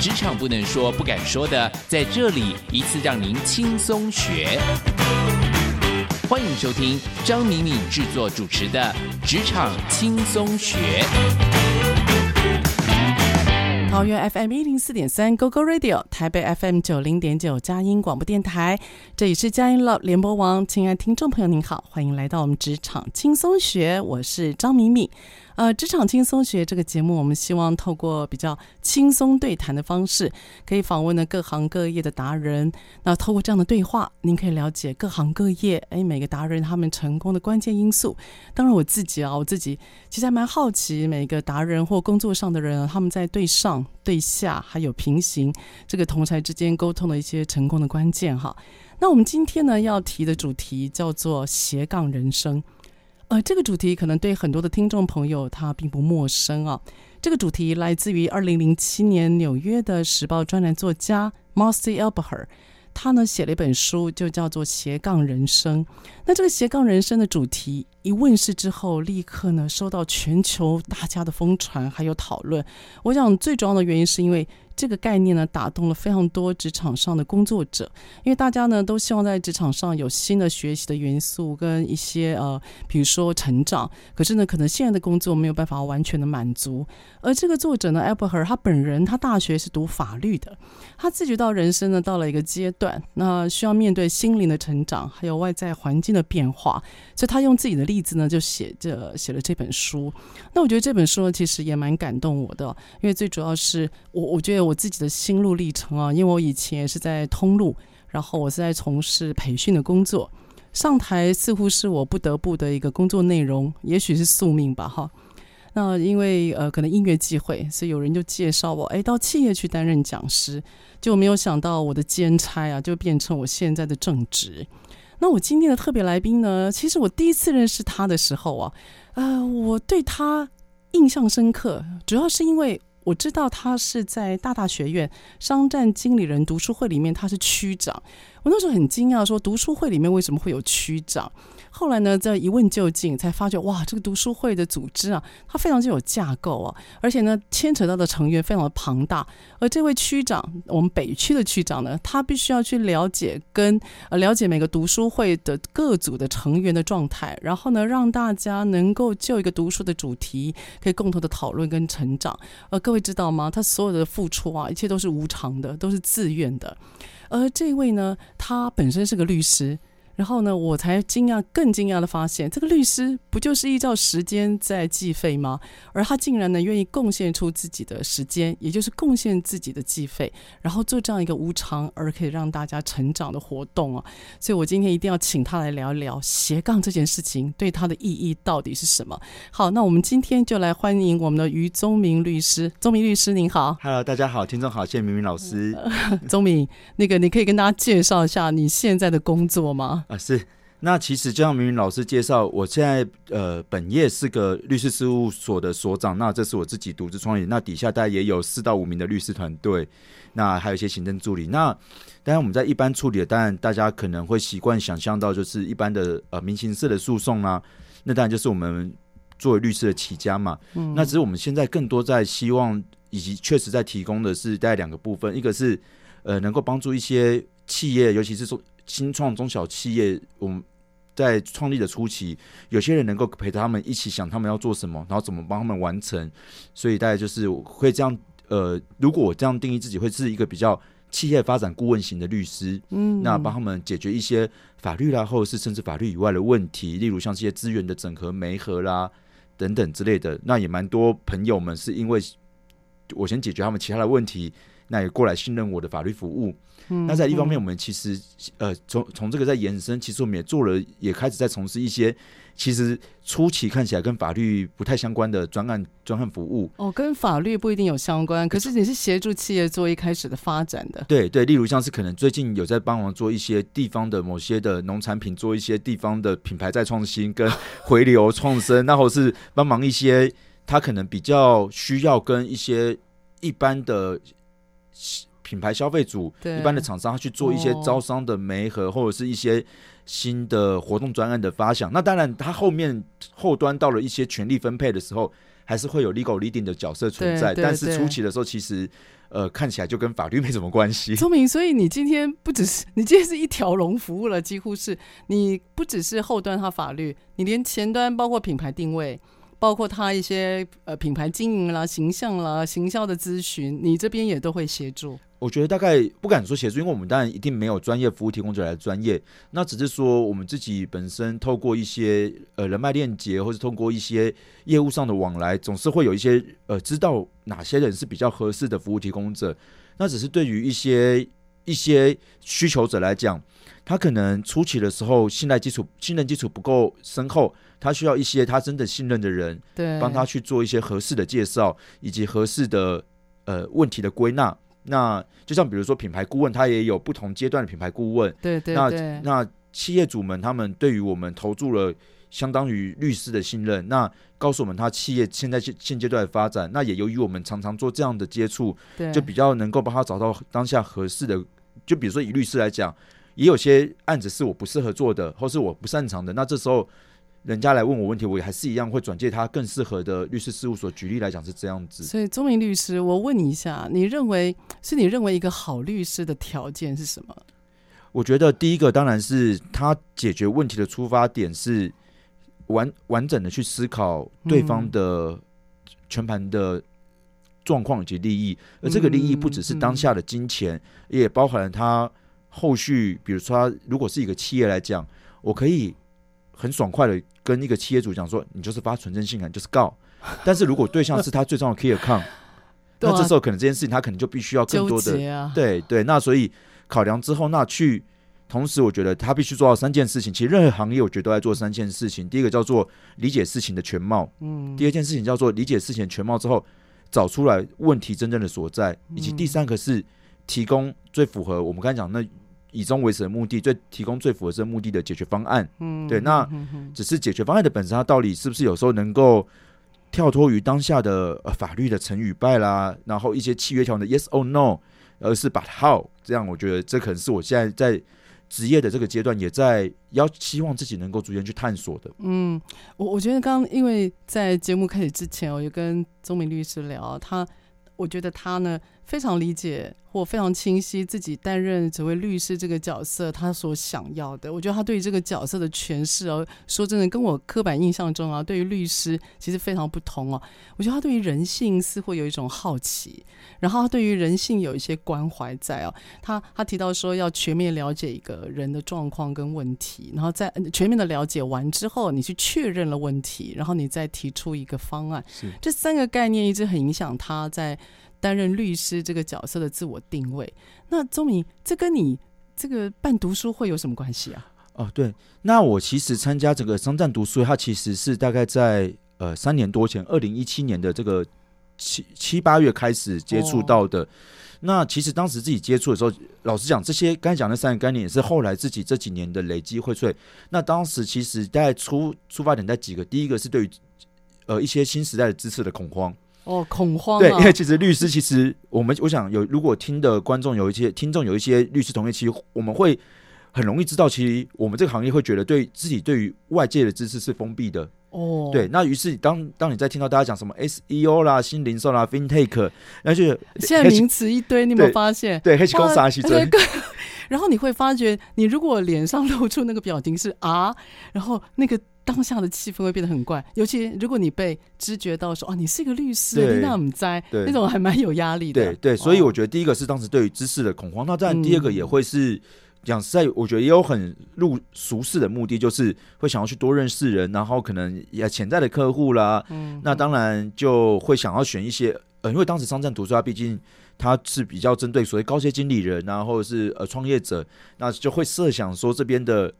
職場不能說、不敢說的，在這裡一次讓您輕鬆學。歡迎收聽張敏敏製作主持的《職場輕鬆學》。桃園 FM 一零四點三 GoGo Radio，台北 FM 九零點九佳音廣播電台，這裡是佳音 Love 聯播網。親愛聽眾朋友，您好，歡迎來到我們《職場輕鬆學》，我是張敏敏。呃，職場輕鬆學這個節目，我們希望透過比較輕鬆對談的方式，可以訪問呢各行各業的達人。那透過這樣的對話，您可以了解各行各業，哎，每個達人他們成功的關鍵因素。當然，我自己啊，我自己其實還蠻好奇，每個達人或工作上的人啊，他們在對上、對下，還有平行這個同儕之間溝通的一些成功的關鍵哈。那我們今天呢要提的主題叫做斜槓人生。呃，這個主題可能對很多的聽眾朋友他並不陌生啊。這個主題來自於二零零七年紐約的《時報》專欄作家 Marci Alboher 他呢寫了一本書，就叫做《斜槓人生》。那這個《斜槓人生》的主題一問世之後，立刻呢收到全球大家的瘋傳還有討論。我想最重要的原因是因為。這個概念呢，打動了非常多職場上的工作者，因為大家呢都希望在職場上有新的學習的元素，跟一些呃，比如說成長。可是呢，可能現在的工作沒有辦法完全的滿足。而這個作者呢，艾伯海爾，他本人他大學是讀法律的，他自覺到人生呢到了一個階段，那需要面對心靈的成長，還有外在環境的變化，所以他用自己的例子呢，就寫着寫了這本書。那我覺得這本書呢，其實也蠻感動我的，因為最主要是我，我覺得。我自己的心路歷程啊，因為我以前也是在通路，然後我是在從事培訓的工作，上台似乎是我不得不的一個工作內容，也許是宿命吧，哈。那因為呃，可能因緣際會，所以有人就介紹我，哎，到企業去擔任講師，就沒有想到我的兼差啊，就變成我現在的正職。那我今天的特別來賓呢，其實我第一次認識他的時候啊，啊、呃、我對他印象深刻，主要是因為。我知道他是在大大學院商戰經理人讀書會裡面，他是區長。我那時候很驚訝，說讀書會裡面為什麼會有區長？後來呢，再一問究竟，才發覺哇，這個讀書會的組織啊，它非常具有架構啊，而且呢，牽扯到的成員非常的龐大。而這位區長，我們北區的區長呢，他必須要去了解跟呃，了解每個讀書會的各組的成員的狀態，然後呢，讓大家能夠就一個讀書的主題可以共同的討論跟成長。呃，各位知道嗎？他所有的付出啊，一切都是無償的，都是自願的。而這位呢，他本身是個律師。然後呢，我才驚訝，更驚訝的發現，這個律師。不就是依照時間在計費嗎？而他竟然能願意貢獻出自己的時間，也就是貢獻自己的計費，然後做這樣一個無償而可以讓大家成長的活動啊！所以我今天一定要請他來聊一聊斜槓這件事情對他的意義到底是什麼。好，那我們今天就來歡迎我們的余宗鳴律師。宗鳴律師您好，Hello，大家好，聽眾好，謝謝明明老師。呃，宗鳴，那個你可以跟大家介紹一下你現在的工作嗎？啊、呃，是。那其實就像明明老師介紹，我現在呃本業是個律師事務所的所長，那這是我自己獨自創業，那底下大概也有四到五名的律師團隊，那還有一些行政助理。那當然我們在一般處理的，當然大家可能會習慣想象到，就是一般的呃民刑事的訴訟啊，那當然就是我們作為律師的起家嘛。嗯。那只是我們現在更多在希望以及確實在提供的是在兩個部分，一個是呃能夠幫助一些企業，尤其是做。新創中小企業，我們在創立的初期，有些人能夠陪著他們一起想他們要做什麼，然後怎麼幫他們完成。所以，大概就是會這樣。呃，如果我這樣定義自己，會是一個比較企業發展顧問型的律師。嗯，那幫他們解決一些法律啦，或者是甚至法律以外的問題，例如像這些資源的整合、媒合啦、啊、等等之類的。那也蠻多朋友們是因為我先解決他們其他的問題，那也過來信任我的法律服務。那在一方面，我們其實，嗯、呃，從從這個再延伸，其實我們也做了，也開始在從事一些，其實初期看起來跟法律不太相關的專案專案服務。哦，跟法律不一定有相關，可是你是協助企業做一開始的發展的。對對，例如像是可能最近有在幫忙做一些地方的某些的農產品，做一些地方的品牌再創新跟回流創生，那或是幫忙一些他可能比較需要跟一些一般的。品牌消費組，一般的廠商他去做一些招商的媒合，或者是一些新的活動專案的發想。那當然，他後面後端到了一些權力分配的時候，還是會有 legal leading 的角色存在。但是初期的時候，其實呃看起來就跟法律沒什麼關係。說明，所以你今天不只是你今天是一條龍服務了，幾乎是你不只是後端和法律，你連前端包括品牌定位。包括他一些呃品牌經營啦、形象啦、行銷的諮詢，你這邊也都會協助。我覺得大概不敢說協助，因為我們當然一定沒有專業服務提供者來專業。那只是說我們自己本身透過一些呃人脈鏈接，或是透過一些業務上的往來，總是會有一些呃知道哪些人是比較合適的服務提供者。那只是對於一些。一些需求者來講，他可能初期的時候信賴基礎信任基礎不夠深厚，他需要一些他真的信任的人，對，幫他去做一些合適的介紹以及合適的呃問題的歸納。那就像比如說品牌顧問，他也有不同階段的品牌顧問，對，對對。那那企業主們他們對於我們投注了相當於律師的信任，那告訴我們他企業現在現現階段的發展，那也由於我們常常做這樣的接觸，對，就比較能夠幫他找到當下合適的。就比如說以律師來講，也有些案子是我不適合做的，或是我不擅長的。那這時候，人家來問我問題，我還是一樣會轉介他更適合的律師事務所。舉例來講是這樣子。所以，宗鳴律師，我問你一下，你認為是你認為一個好律師的條件是什麼？我覺得第一個當然是他解決問題的出發點是完完整的去思考對方的全盤的、嗯。狀況以及利益，而這個利益不只是當下的金錢，嗯嗯、也包含了他後續，比如說，他如果是一個企業來講，我可以很爽快的跟一個企業主講說，你就是發存證信函，你就是告， 但是如果對象是他最重要的 care account， 那這時候可能這件事情他可能就必須要更多的、啊、對對，那所以考量之後，那去同時，我覺得他必須做到三件事情。其實任何行業，我覺得都在做三件事情。第一個叫做理解事情的全貌，嗯，第二件事情叫做理解事情的全貌之後。找出來問題真正的所在，以及第三個是提供最符合我們剛才講那以終為始的目的，最提供最符合這個目的的解決方案。嗯，對，那只是解決方案的本身，它到底是不是有時候能夠跳脫於當下的、呃、法律的成與敗啦，然後一些契約條的 yes or no，而是 but how？這樣我覺得這可能是我現在在。職業的這個階段，也在要希望自己能夠逐漸去探索的。嗯，我我覺得剛剛因為在節目開始之前、喔，我就跟宗鳴律師聊他，我覺得他呢，非常理解或非常清晰自己擔任這位律師這個角色，他所想要的。我覺得他對於這個角色的詮釋哦，說真的，跟我刻板印象中啊，對於律師其實非常不同哦，啊。我覺得他對於人性似乎有一種好奇，然後他對於人性有一些關懷在啊。他他提到說，要全面了解一個人的狀況跟問題，然後在全面的了解完之後，你去確認了問題，然後你再提出一個方案。是 這三個概念一直很影響他在。擔任律師這個角色的自我定位，那宗鳴，這跟你這個辦讀書會有什麼關係啊？哦，對，那我其實參加整個商戰讀書會，它其實是大概在呃三年多前，二零一七年的這個七七八月開始接觸到的。哦。那其實當時自己接觸的時候，老實講，這些剛才講的三個概念也是後來自己這幾年的累積薈萃。那當時其實大概出出發點在幾個，第一個是對於呃一些新時代的知識的恐慌。哦，恐慌啊。對，因為其實律師，其實我們我想有，如果聽的觀眾有一些聽眾有一些律師同業，期，我們會很容易知道，其實我們這個行業會覺得對自己對於外界的知識是封閉的。哦，對。那於是當當你在聽到大家講什麼 SEO 啦、新零售啦、FinTech，那就現在名詞一堆， 對你有沒有發現？對，黑騎士啊，黑騎士，這個然後你會發覺，你如果臉上露出那個表情是啊，然後那個。當下的氣氛會變得很怪，尤其如果你被知覺到說“哦，你是一個律師”，那我們在，那，對那種還蠻有壓力的。對，對，所以我覺得第一個是當時對於知識的恐慌。那當然，第二個也會是、嗯、講實在，我覺得也有很入俗世的目的，就是會想要去多認識人，然後可能也潛在的客戶啦。嗯哼，那當然就會想要選一些，呃，因為當時商戰讀書畢竟它是比較針對所謂高階經理人、啊，然後是呃創業者，那就會設想說這邊的。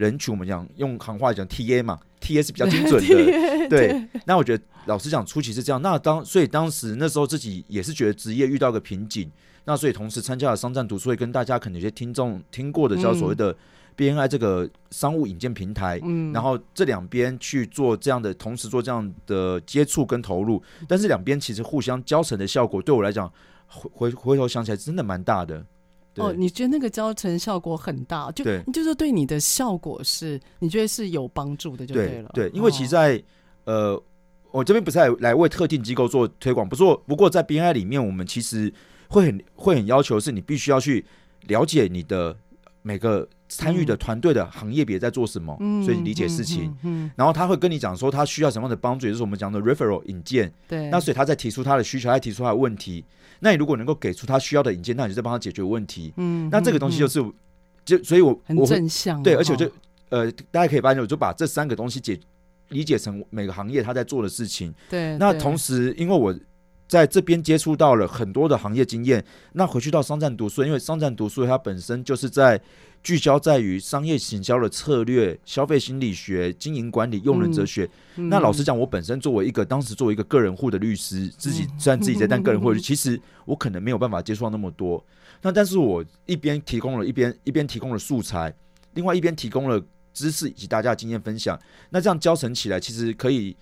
人群，我們講用行話講，TA 嘛，TA 是比較精準的。 對， 那我覺得老實講，初期是這樣。那當所以當時那時候自己也是覺得職業遇到個瓶頸，那所以同時參加了商戰讀書會，跟大家可能有些聽眾聽過的，叫做所謂的 BNI 這個商務引薦平台。嗯，然後這兩邊去做這樣的，同時做這樣的接觸跟投入，但是兩邊其實互相交成的效果，對我來講，回回頭想起來真的蠻大的。哦，你覺得那個教程效果很大，就對就是說對你的效果是，你覺得是有幫助的，就對了對。對，因為其實在，在、哦、呃，我這邊不是來為特定機構做推廣，不做。不過在 BNI 裡面，我們其實會很會很要求，是你必須要去了解你的每個參與的團隊的行業別在做什麼，嗯、所以你理解事情。嗯，嗯嗯然後他會跟你講說他需要什麼樣的幫助，也就是我們講的 referral 引薦。對，那所以他在提出他的需求，他在提出他的問題。那你如果能夠給出他需要的引薦，那你就在幫他解決問題。嗯，那這個東西就是，嗯、就所以我，我很正向我。對，而且我就、哦、呃，大家可以把我就把這三個東西解理解成每個行業他在做的事情。對。那同時，因為我。在這邊接觸到了很多的行業經驗，那回去到商戰讀書，因為商戰讀書它本身就是在聚焦在於商業行銷的策略、消費心理學、經營管理、用人哲學。嗯嗯、那老實講，我本身作為一個當時作為一個個人戶的律師，自己雖然自己在，但個人戶其實我可能沒有辦法接觸到那麼多。那但是我一邊提供了一邊一邊提供了素材，另外一邊提供了知識以及大家的經驗分享，那這樣交成起來其實可以。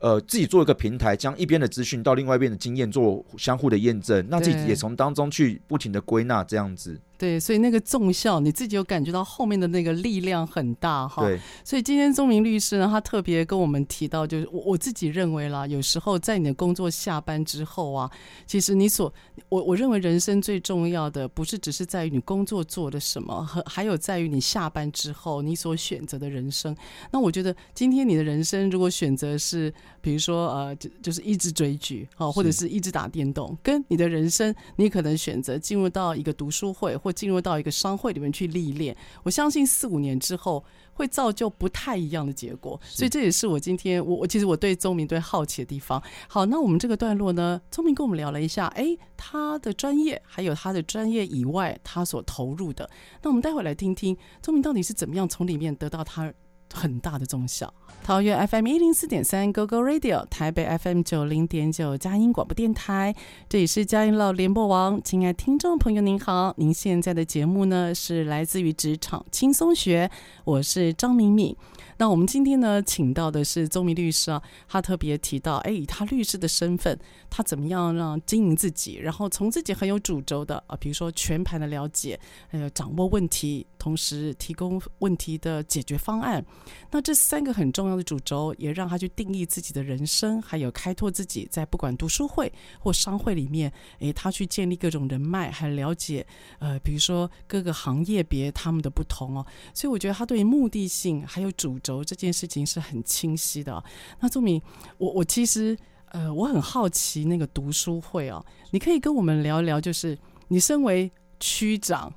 呃，自己做一個平台，將一邊的資訊到另外一邊的經驗做相互的驗證，那自己也從當中去不停的歸納這樣子。對，所以那個綜效你自己有感覺到後面的那個力量很大哈。對。所以今天宗鳴律師呢，他特別跟我們提到，就是我我自己認為啦，有時候在你的工作下班之後啊，其實你所我我認為人生最重要的，不是只是在於你工作做的什麼，還還有在於你下班之後你所選擇的人生。那我覺得今天你的人生如果選擇是，比如說呃，就是一直追劇，好，或者是一直打電動，是跟你的人生，你可能選擇進入到一個讀書會或。進入到一個商會裡面去歷練，我相信四五年之後會造就不太一樣的結果，是所以這也是我今天我我其實我對宗明對好奇的地方。好，那我們這個段落呢，宗明跟我們聊了一下，哎，他的專業，還有他的專業以外，他所投入的，那我們待會來聽聽宗明到底是怎麼樣從裡面得到他。很大的中小，桃園 FM 一零四點三 Go Go Radio，台北 FM 九零點九，佳音廣播電台，這裡是佳音老聯播網，親愛聽眾朋友您好，您現在的節目呢是來自於職場輕鬆學，我是張敏敏。那我們今天呢，請到的是宗鳴律師啊，他特別提到，哎，以他律師的身份，他怎麼樣讓經營自己，然後從自己很有主軸的啊，比如說全盤的了解，還有掌握問題，同時提供問題的解決方案。那這三個很重要的主軸，也讓他去定義自己的人生，還有開拓自己在不管讀書會或商會裡面，誒，他去建立各種人脈，還有了解呃，比如說各個行業別他們的不同哦。所以我覺得他對於目的性還有主軸。這件事情是很清晰的，啊，那宗鳴，我我其實，呃，我很好奇那個讀書會哦、啊，你可以跟我們聊一聊，就是你身為區長，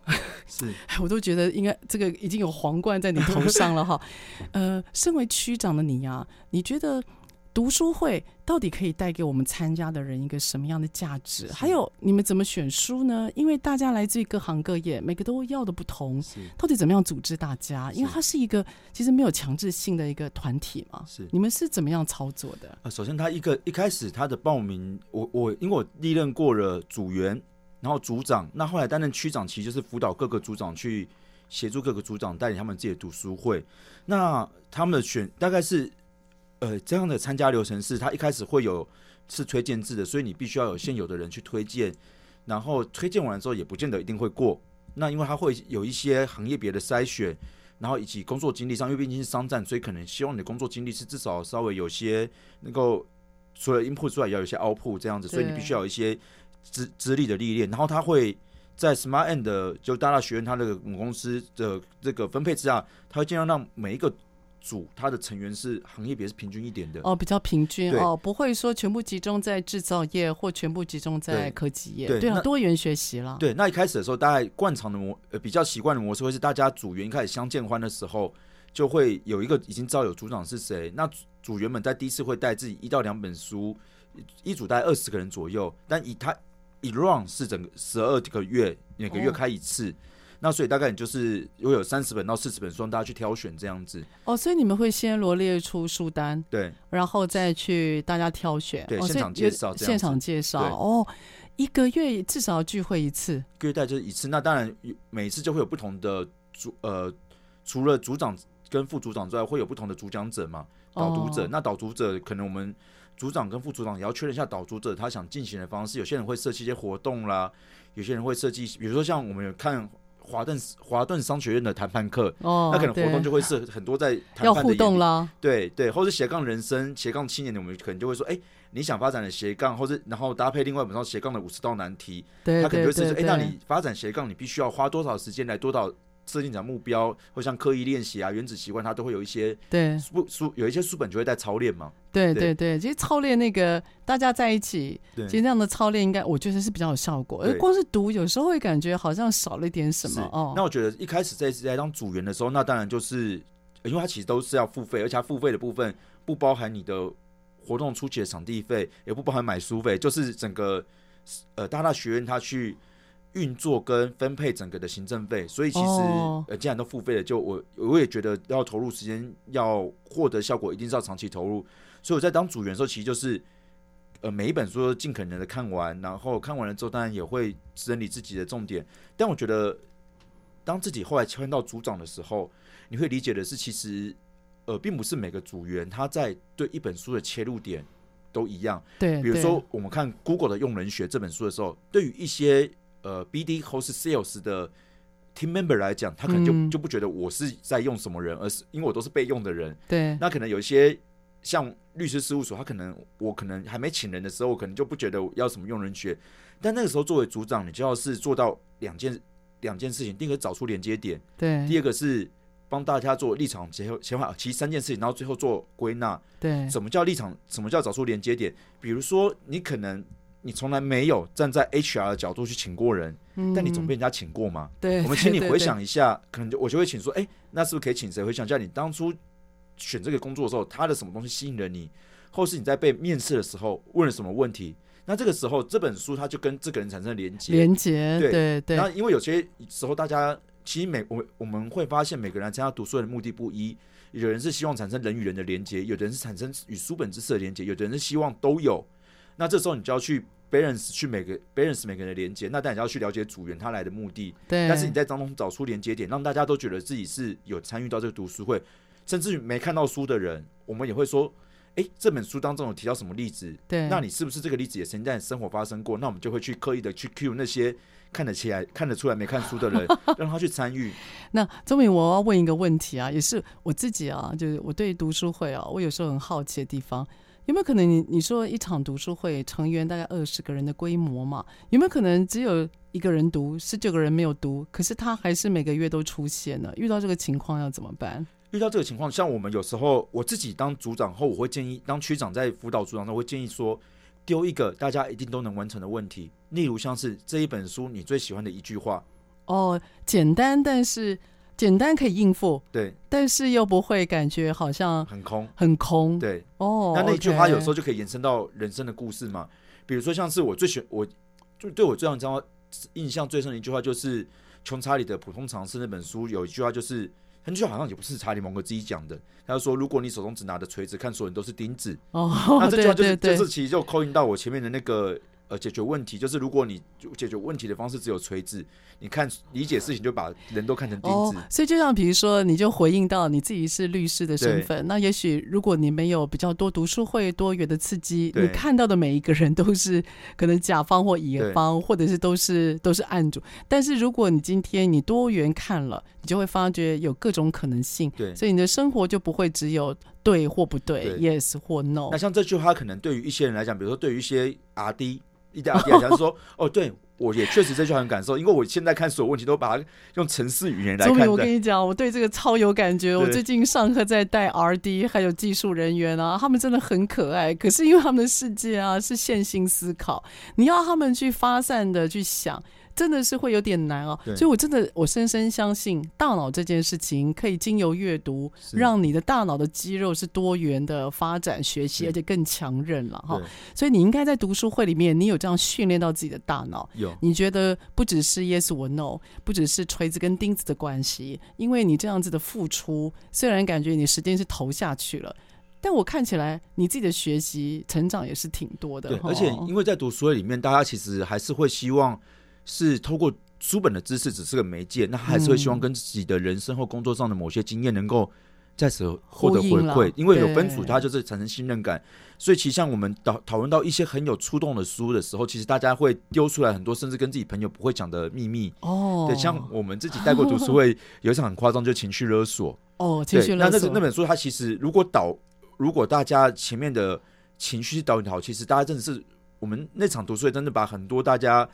是， 我都覺得應該這個已經有皇冠在你頭上了哈， 呃，身為區長的你呀、啊，你覺得？讀書會到底可以帶給我們參加的人一個什麼樣的價值？是還有你們怎麼選書呢？因為大家來自於各行各業，每個都要的不同，是到底怎麼樣組織大家？因為它是一個其實沒有強制性的一個團體嘛。是你們是怎麼樣操作的？啊、呃，首先他一個一開始他的報名，我我因為我歷任過了組員，然後組長，那後來擔任區長，其實就是輔導各個組長去協助各個組長帶領他們自己的讀書會。那他們的選、嗯、大概是。呃，這樣的參加流程是，他一開始會有是推薦制的，所以你必須要有現有的人去推薦，然後推薦完之後也不見得一定會過，那因為他會有一些行業別的篩選，然後以及工作經歷上，因為畢竟是商戰，所以可能希望你的工作經歷是至少稍微有些能夠除了 input 之外，也要有些 output 這樣子，對所以你必須要有一些資資歷的歷練，然後他會在 SmartM 就大大學院他的母公司的這個分配之下，他會盡量讓每一個。組他的成員是行業別是平均一點的哦，比較平均對哦，不會說全部集中在制造業或全部集中在科技業，對，對了那多元學習了。對，那一開始的時候，大概慣常的模，呃，比較習慣的模式會是，大家組員一開始相見歡的時候，就會有一個已經知道有組長是誰。那組組員們在第一次會帶自己一到兩本書，一組帶二十個人左右。但以他以 r n 是整個十二個月，每個月開一次。哦那所以大概你就是如果有三十本到四十本書，讓大家去挑選這樣子。哦，所以你們會先羅列出書單，對，然後再去大家挑選。對，哦、現場介紹，現場介紹。對哦，一個月至少聚會一次，一個月大概就是一次。那當然，每一次就會有不同的組，呃，除了組長跟副組長之外，會有不同的主講者嘛，導讀者。哦、那導讀者可能我們組長跟副組長也要確認一下，導讀者他想進行的方式，有些人會設計一些活動啦，有些人會設計，比如說像我們有看，華頓華頓商學院的談判課，oh, 那可能活動就會是很多在談判的要互動啦，對對，或是斜槓人生斜槓青年，我們可能就會說，哎、欸，你想發展的斜槓，或是然後搭配另外一本叫斜槓的五十道難題，對對對對他可能就是說，哎、欸，那你發展斜槓，你必須要花多少時間來做到？設定獎目標，或像刻意練習啊、原子習慣，它都會有一些對書書有一些書本就會帶操練嘛。對對對，對其實操練那個大家在一起，對其實這樣的操練應該我覺得是比較有效果。對而光是讀有時候會感覺好像少了一點什麼對哦。那我覺得一開始在在當組員的時候，那當然就是因為它其實都是要付費，而且他付費的部分不包含你的活動初期的場地費，也不包含買書費，就是整個呃大大學院他去。運作跟分配整個的行政費，所以其實、oh. 呃，既然都付費了，就我我也覺得要投入時間，要獲得效果，一定是要長期投入。所以我在當組員的時候，其實就是呃，每一本書都盡可能的看完，然後看完了之後，當然也會整理自己的重點。但我覺得，當自己後來升到組長的時候，你會理解的是，其實呃，並不是每個組員他在對一本書的切入點都一樣。對，對，比如說我們看 Google 的《用人學》這本書的時候，對於一些呃，BD host Sales 的 Team Member 來講，他可能就就不覺得我是在用什麼人，嗯、而是因為我都是被用的人。對，那可能有一些像律師事務所，他可能我可能還沒請人的時候，我可能就不覺得要什麼用人權。但那個時候，作為組長，你就要是做到兩件兩件事情：，第一個找出連接點；，對，第二個是幫大家做立場協想法。其實三件事情，然後最後做歸納。對，什麼叫立場？什麼叫找出連接點？比如說，你可能。你從來沒有站在 HR 的角度去請過人，嗯、但你總被人家請過嘛？對，我們請你回想一下，對對對，可能就我就會請說，哎、欸，那是不是可以請誰回想一下？你當初選這個工作的時候，他的什麼東西吸引了你？或是你在被面試的時候問了什麼問題？那這個時候，這本書它就跟這個人產生連接，連接結對對。那對因為有些時候，大家其實每我我們會發現，每個人來參加讀書的目的不一，有人是希望產生人與人的連接，有的人是產生與書本知識的連接，有的人是希望都有。那這時候你就要去。balance 去每個 balance 每個人的連接，那當然要去了解組員他來的目的。對。但是你在當中找出連接點，讓大家都覺得自己是有參與到這個讀書會，甚至於沒看到書的人，我們也會說：哎、欸，這本書當中有提到什麼例子？對。那你是不是這個例子也曾經在你生活發生過？那我們就會去刻意的去 cue 那些看得起來、看得出來沒看書的人， 讓他去參與。 那宗鳴，我要問一個問題啊，也是我自己啊，就是我對讀書會啊，我有時候很好奇的地方。有沒有可能你你說一場讀書會成員大概二十個人的規模嘛？有沒有可能只有一個人讀，十九個人沒有讀，可是他還是每個月都出現呢。遇到這個情況要怎麼辦？遇到這個情況，像我們有時候我自己當組長後，我會建議當區長在輔導組長時會建議說，丟一個大家一定都能完成的問題，例如像是這一本書你最喜歡的一句話。哦，簡單但是。簡單可以應付，對，但是又不會感覺好像很空，很空，對，哦。那那一句話有時候就可以延伸到人生的故事嘛。哦 okay、比如說，像是我最喜歡，我就對我最印象印象最深的一句話，就是《窮查理的普通常識》那本書有一句話，就是那句話好像也不是查理芒格自己講的。他說：“如果你手中只拿着錘子，看所有人都是釘子。”哦，那這句話就是，就是其實就扣印到我前面的那個。呃，解決問題就是，如果你解決問題的方式只有錘子，你看理解事情就把人都看成釘子。Oh, 所以，就像比如說，你就回應到你自己是律師的身份，對那也許如果你沒有比較多讀書會多元的刺激，對你看到的每一個人都是可能甲方或乙方，對或者是都是都是案主。但是，如果你今天你多元看了，你就會發覺有各種可能性，對，所以你的生活就不會只有對或不對，對，yes 或 no。那像這句話，可能對於一些人來講，比如說對於一些 RD，一些 RD，假如說：“ 哦，對我也確實這句話很感受，因為我現在看所有問題都把它用程式語言來看。”宗鳴，我跟你講，我對這個超有感覺。對我最近上課在帶 RD，還有技術人員啊，他們真的很可愛。可是因為他們的世界啊是線性思考，你要他們去發散的去想。真的是會有點難哦。對所以我真的我深深相信大腦這件事情，可以經由閱讀，是讓你的大腦的肌肉是多元的發展、學習，是而且更強韌了哈、哦。對所以你應該在讀書會裡面，你有這樣訓練到自己的大腦。有，你覺得不只是 Yes or No，不只是錘子跟釘子的關係，因為你這樣子的付出，雖然感覺你時間是投下去了，但我看起來你自己的學習成長也是挺多的、哦。對，而且因為在讀書會裡面，大家其實還是會希望，是透過書本的知識只是個媒介，那還是會希望跟自己的人生或工作上的某些經驗能夠在此獲得回饋，嗯、因為有分組，它就是產生信任感。對所以其實像我們討討論到一些很有觸動的書的時候，其實大家會丟出來很多，甚至跟自己朋友不會講的秘密。哦，對，像我們自己帶過的讀書會有一場很誇張，就是情緒勒索。哦，對，那那那本書它其實如果導，如果大家前面的情緒導引好，其實大家真的是我們那場讀書會，真的把很多大家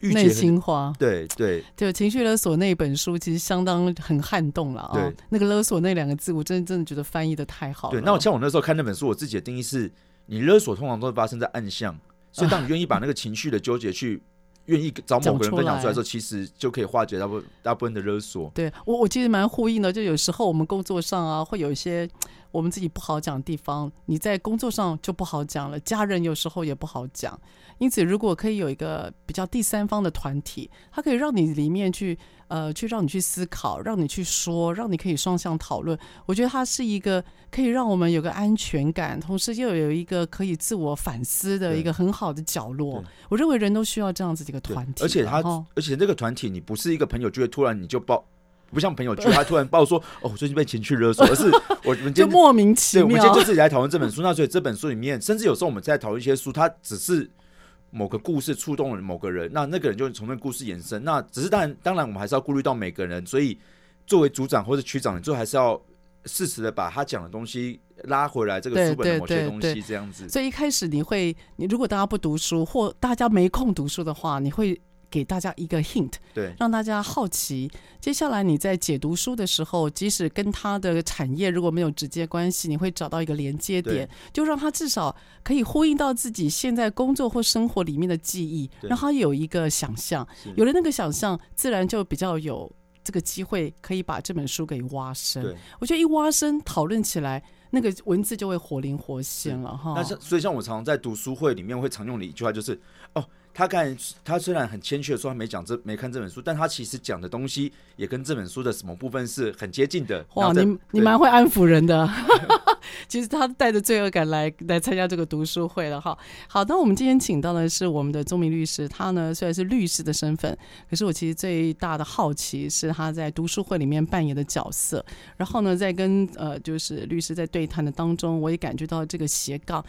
內心話，對對，對，就情緒勒索，那本書其實相當很撼動了啊。對那個勒索那兩個字，我真的真的覺得翻譯的太好了。對，那我像我那時候看那本書，我自己的定義是，你勒索通常都會發生在暗巷，所以當你願意把那個情緒的糾結去願 意找某個人分享出來的時候，其實就可以化解大部大部分的勒索。對，我我其實蠻呼應的，就有時候我們工作上啊，會有一些。我們自己不好講的地方，你在工作上就不好講了，家人有時候也不好講。因此，如果可以有一個比較第三方的團體，它可以讓你裡面去，呃，去讓你去思考，讓你去說，讓你可以雙向討論。我覺得它是一個可以讓我們有個安全感，同時又有一個可以自我反思的一個很好的角落。我認為人都需要這樣子的一個團體，而且他，然後，而且這個團體你不是一個朋友，就會突然你就抱。不像朋友圈，他突然爆說：“ 哦，我最近被情緒勒索， 而是我們 就莫名其妙，對，我們今天就自己來討論這本書。 那所以這本書裡面，甚至有時候我們在討論一些書，它只是某個故事觸動了某個人，那那個人就從那個故事延伸。那只是當然，當然我們還是要顧慮到每個人。所以作為組長或者區長，你最後還是要適時的把他講的東西拉回來，這個書本的某些東西這樣子對對對對。所以一開始你會，你如果大家不讀書或大家沒空讀書的話，你會。給大家一個 hint，對，讓大家好奇。接下來你在解讀書的時候，即使跟他的產業如果沒有直接關係，你會找到一個連接點，對就讓他至少可以呼應到自己現在工作或生活裡面的記憶，對讓他有一個想象。是有了那個想象，自然就比較有這個機會可以把這本書給挖深。對我覺得一挖深，討論起來那個文字就會活靈活現了哈。那像所以像我常常在讀書會裡面會常用的一句話就是哦。他看，他雖然很謙虛的說他沒講這，沒看這本書，但他其實講的東西也跟這本書的什麼部分是很接近的。哇，你對你蠻會安撫人的， 其實他帶着罪惡感來來參加這個讀書會了哈。好，那我們今天請到的是我們的宗鳴律師，他呢雖然是律師的身份，可是我其實最大的好奇是他在讀書會裡面扮演的角色。然後呢，在跟呃就是律師在對談的當中，我也感覺到這個斜槓。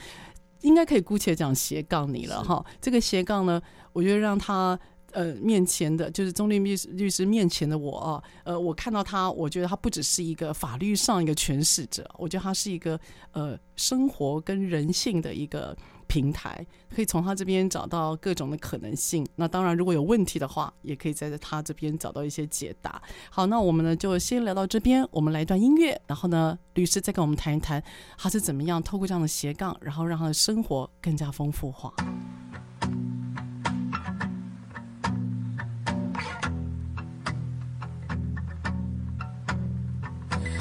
應該可以姑且講斜槓你了是哈，這個斜槓呢，我覺得讓他呃面前的，就是中立律師律師面前的我啊，呃，我看到他，我覺得他不只是一個法律上一個詮釋者，我覺得他是一個呃生活跟人性的一個。平台可以從他這邊找到各種的可能性。那當然，如果有問題的話，也可以在他這邊找到一些解答。好，那我們呢就先聊到這邊，我們來一段音樂，然後呢，律師再跟我們談一談他是怎麼樣透過這樣的斜槓，然後讓他的生活更加豐富化。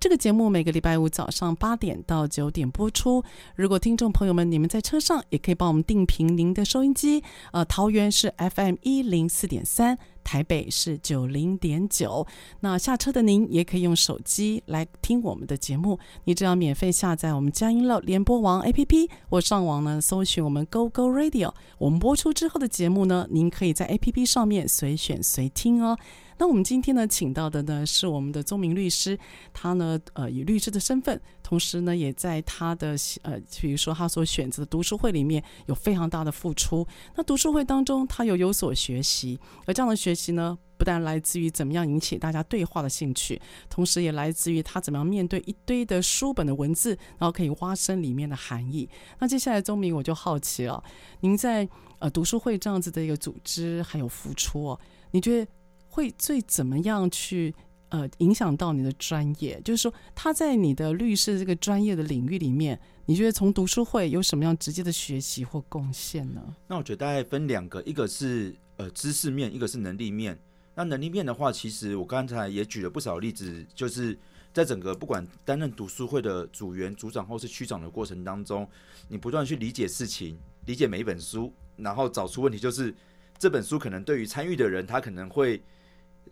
這個節目每個禮拜五早上八點到九點播出。如果聽眾朋友們你們在車上，也可以幫我們定頻您的收音機。呃，桃園是 FM 一零四點三，台北是九零點九。那下車的您也可以用手機來聽我們的節目。你只要免費下載我們佳音樂聯播網 A P P，或上網呢，搜尋我們 Go Go Radio。我們播出之後的節目呢，您可以在 A P P 上面隨選隨聽哦。那我們今天呢，請到的呢是我們的宗鳴律師，他呢，呃，以律師的身份，同時呢，也在他的呃，比如說他所選擇的讀書會裡面有非常大的付出。那讀書會當中，他又有所學習，而這樣的學習呢，不但來自於怎麼樣引起大家對話的興趣，同時也來自於他怎麼樣面對一堆的書本的文字，然後可以挖深裡面的含義。那接下來，宗鳴，我就好奇了，您在呃讀書會這樣子的一個組織還有付出哦，你覺得？會最怎麼樣去呃影響到你的專業？就是說，他在你的律師這個專業的領域裡面，你覺得從讀書會有什麼樣直接的學習或貢獻呢？那我覺得大概分兩個，一個是呃知識面，一個是能力面。那能力面的話，其實我剛才也舉了不少例子，就是在整個不管擔任讀書會的組員、組長或是區長的過程當中，你不斷去理解事情，理解每一本書，然後找出問題，就是這本書可能對於參與的人，他可能會。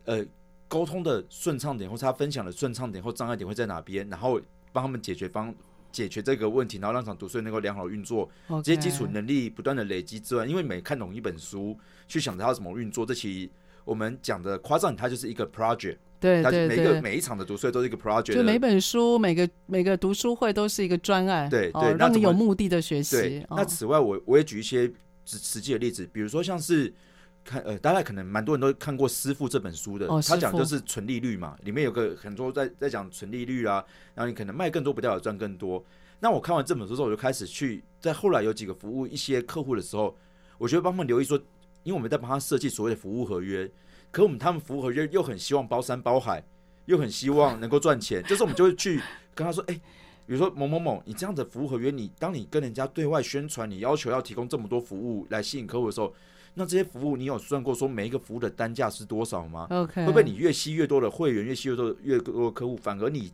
呃，溝通的順暢點或是他分享的順暢點或障礙點會在哪邊？然後幫他們解決方，方解決這個問題，然後讓場讀書能夠良好運作。這些 Okay. 基礎能力不斷的累積之外，因為每看懂一本書，去想他怎麼運作，這期我們講的誇張，它就是一個 project。每個對對對，每個每一場的讀書會都是一個 project，就每本書每個每個讀書會都是一個專案。對對，對哦、讓你有目的的學習。對哦、那此外，我我也舉一些實實際的例子，比如說像是。看呃，大概可能蠻多人都看過《師傅》這本書的，哦、他講就是純利率嘛，父裡面有個很多在在講純利率啊，然後你可能賣更多不代表賺更多。那我看完這本書之後，我就開始去在後來有幾個服務一些客戶的時候，我就會幫他們留意說，因為我們在幫他設計所謂的服務合約，可我們他們服務合約又很希望包山包海，又很希望能夠賺錢， 就是我們就會去跟他說，誒、欸，比如說某某某，你這樣子服務合約，你當你跟人家對外宣傳，你要求要提供這麼多服務來吸引客戶的時候。那這些服務你有算過說每一個服務的單價是多少嗎？OK，會不會你越吸越多的會員，越吸越多越多的客戶，反而你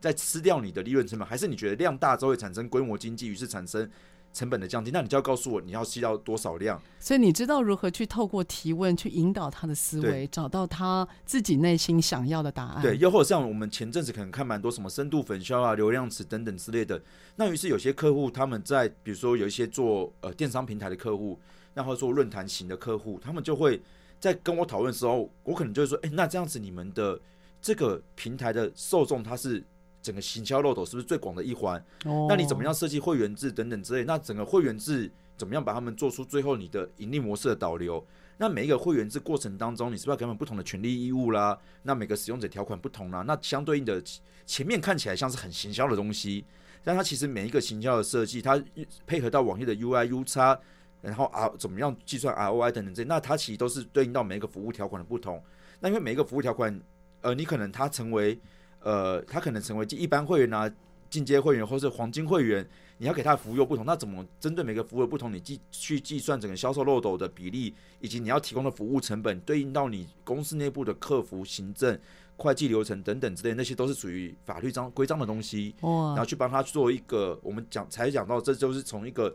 在吃掉你的利潤成本？還是你覺得量大之後會產生規模經濟，於是產生成本的降低？那你就要告訴我你要吸到多少量？所以你知道如何去透過提問去引導他的思維，對找到他自己內心想要的答案？對，又或者像我們前陣子可能看蠻多什麼深度分銷啊、流量池等等之類的。那於是有些客戶他們在比如說有一些做呃電商平台的客戶。那或做論壇型的客戶，他們就會在跟我討論的時候，我可能就會說，誒，那這樣子你們的這個平台的受眾，它是整個行銷漏斗是不是最廣的一環？Oh. 那你怎麼樣設計會員制等等之類？那整個會員制怎麼樣把他們做出最後你的盈利模式的導流？那每一個會員制過程當中，你是不是要給他們不同的權利義務啦？那每個使用者條款不同啦？那相對應的前面看起來像是很行銷的東西，但它其實每一個行銷的設計，它配合到網頁的 UI、UX 然後啊，怎麼樣計算 ROI 等等這些？那它其實都是對應到每一個服務條款的不同。那因為每一個服務條款，呃，你可能他成為呃，他可能成為進一般會員啊、進階會員或是黃金會員，你要給他的服務又不同，那怎麼針對每個服務的不同，你計去計算整個銷售漏斗的比例，以及你要提供的服務成本，對應到你公司內部的客服、行政、會計流程等等之類，那些都是屬於法律章規章的東西。哇！然後去幫他做一個，我們講才講到，這就是從一個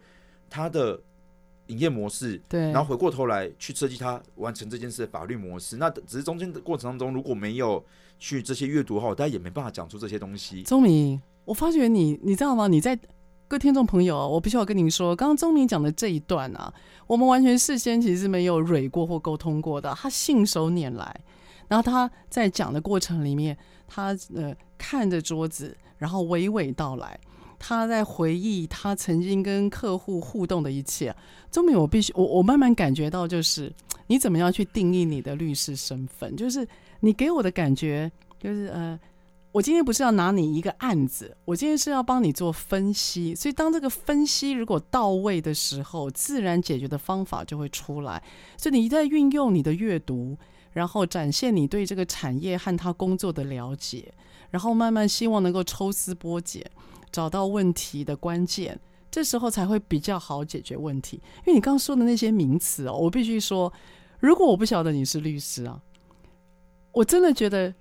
他的。營業模式，對，然後回過頭來去設計他完成這件事的法律模式。對那只是中間的過程當中，如果沒有去這些閱讀後，他大家也沒辦法講出這些東西。宗鳴，我發覺你，你知道嗎？你在各聽眾朋友，我必須要跟您說，剛剛宗鳴講的這一段啊，我們完全事先其實是沒有蕊過或溝通過的，他信手拈來，然後他在講的過程裡面，他呃看着桌子，然後娓娓道來。他在回憶他曾經跟客戶互動的一切，啊。宗鳴，我必須，我我慢慢感覺到，就是你怎麼樣去定義你的律師身份？就是你給我的感覺，就是呃，我今天不是要拿你一個案子，我今天是要幫你做分析。所以，當這個分析如果到位的時候，自然解決的方法就會出來。所以，你一再運用你的閱讀，然後展現你對這個產業和他工作的了解，然後慢慢希望能夠抽絲剝繭。找到問題的關鍵，這時候才會比較好解決問題。因為你剛剛說的那些名詞哦，我必須說，如果我不曉得你是律師啊，我真的覺得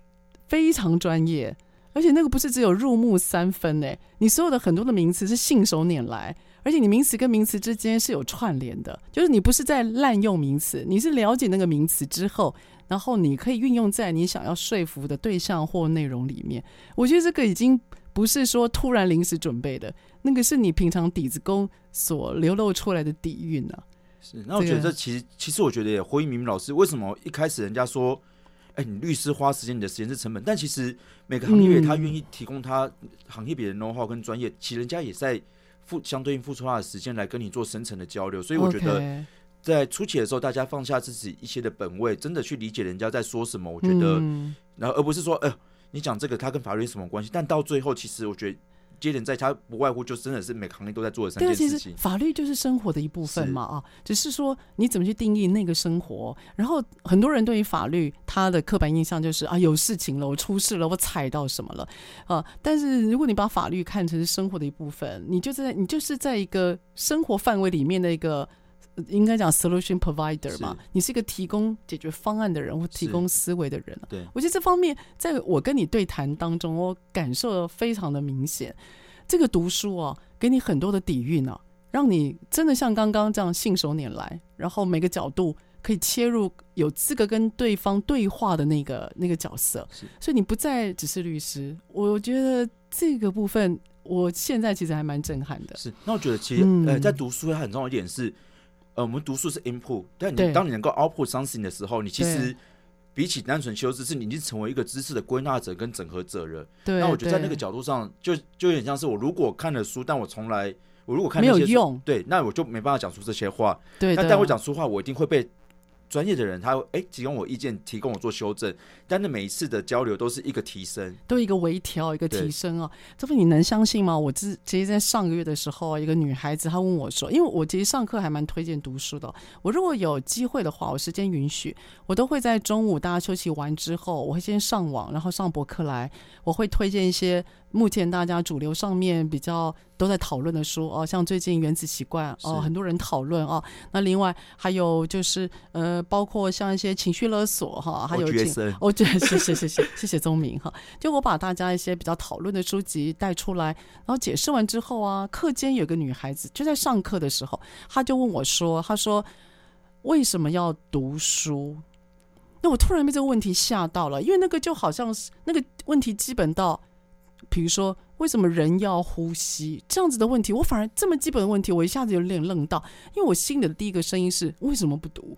非常專業。而且那個不是只有入木三分呢，你所有的很多的名詞是信手拈來，而且你名詞跟名詞之間是有串聯的，就是你不是在濫用名詞，你是了解那個名詞之後，然後你可以運用在你想要說服的對象或內容裡面。我覺得這個已經。不是說突然臨時準備的，那個是你平常底子功所流露出來的底蘊吶、啊。是，那我覺得這其實，其實我覺得也胡一鳴老師為什麼一開始人家說，哎，你律師花時間，你的時間是成本，但其實每個行業他願意提供他行業別的 know how 跟專業，嗯、其實人家也在付相對應付出他的時間來跟你做深層的交流，所以我覺得在初期的時候，大家放下自己一些的本位，真的去理解人家在說什麼，我覺得，嗯、然後而不是說，哎、呃。你講這個，它跟法律什麼關係？但到最後，其實我覺得，接點在他不外乎就真的是每個行業都在做的三件事情。但其實法律就是生活的一部分嘛，是啊，只是說你怎麼去定義那個生活。然後很多人對於法律，他的刻板印象就是啊，有事情了，我出事了，我踩到什麼了，啊。但是如果你把法律看成是生活的一部分，你就是在你就是在一個生活範圍裡面的一個。應該講 solution provider 嘛，是你是一個提供解決方案的人，或提供思維的人。對，我覺得這方面在我跟你對談當中，我感受得非常的明顯。這個讀書啊，給你很多的底蘊啊，讓你真的像剛剛這樣信手拈來，然後每個角度可以切入，有資格跟對方對話的那個那個角色。是，所以你不再只是律師。我覺得這個部分，我現在其實還蠻震撼的。是，那我覺得其實呃，在讀書還很重要一點是。嗯呃，我們讀書是 input，但你對當你能夠 output something 的時候，你其實比起單純求知對是你已經成為一個知識的歸納者跟整合者了。對那我覺得在那個角度上，對就就有點像是我如果看了書，但我從來我如果看那些書，對，那我就沒辦法講出這些話。那待對我講書話，我一定會被。專業的人他會，他，欸、哎提供我意見，提供我做修正，但那每一次的交流都是一個提升，都一個微調，一個提升啊，對，這不你能相信嗎？我之其實，在上個月的時候，一個女孩子她問我說，因為我其實上課還蠻推薦讀書的，我如果有機會的話，我時間允許，我都會在中午大家休息完之後，我會先上網，然後上博客來，我會推薦一些。目前大家主流上面比較都在討論的書哦，像最近《原子習慣》哦，是很多人討論哦。那另外還有就是呃，包括像一些情緒勒索哈，還有請哦，請 謝謝謝謝謝謝，謝謝宗鳴哈。就我把大家一些比較討論的書籍帶出來，然後解釋完之後啊，課間有個女孩子就在上課的時候，她就問我說：“她說為什麼要讀書？”那我突然被這個問題嚇到了，因為那個就好像是那個問題，基本到。比如說，為什麼人要呼吸？這樣子的問題，我反而這麼基本的問題，我一下子有點愣到，因為我心裡的第一個聲音是為什麼不讀？